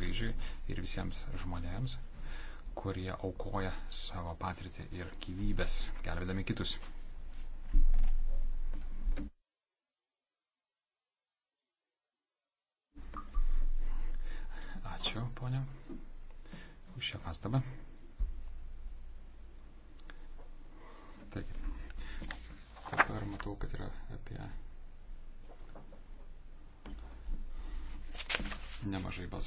kryžiui ir visiems žmonėms, kurie aukoja savo patirtį ir gyvybės, gelbėdami kitus. Ačiū, ponia, už šią pastabą. Taigi, dabar matau, kad yra apie nemažai balsavimų.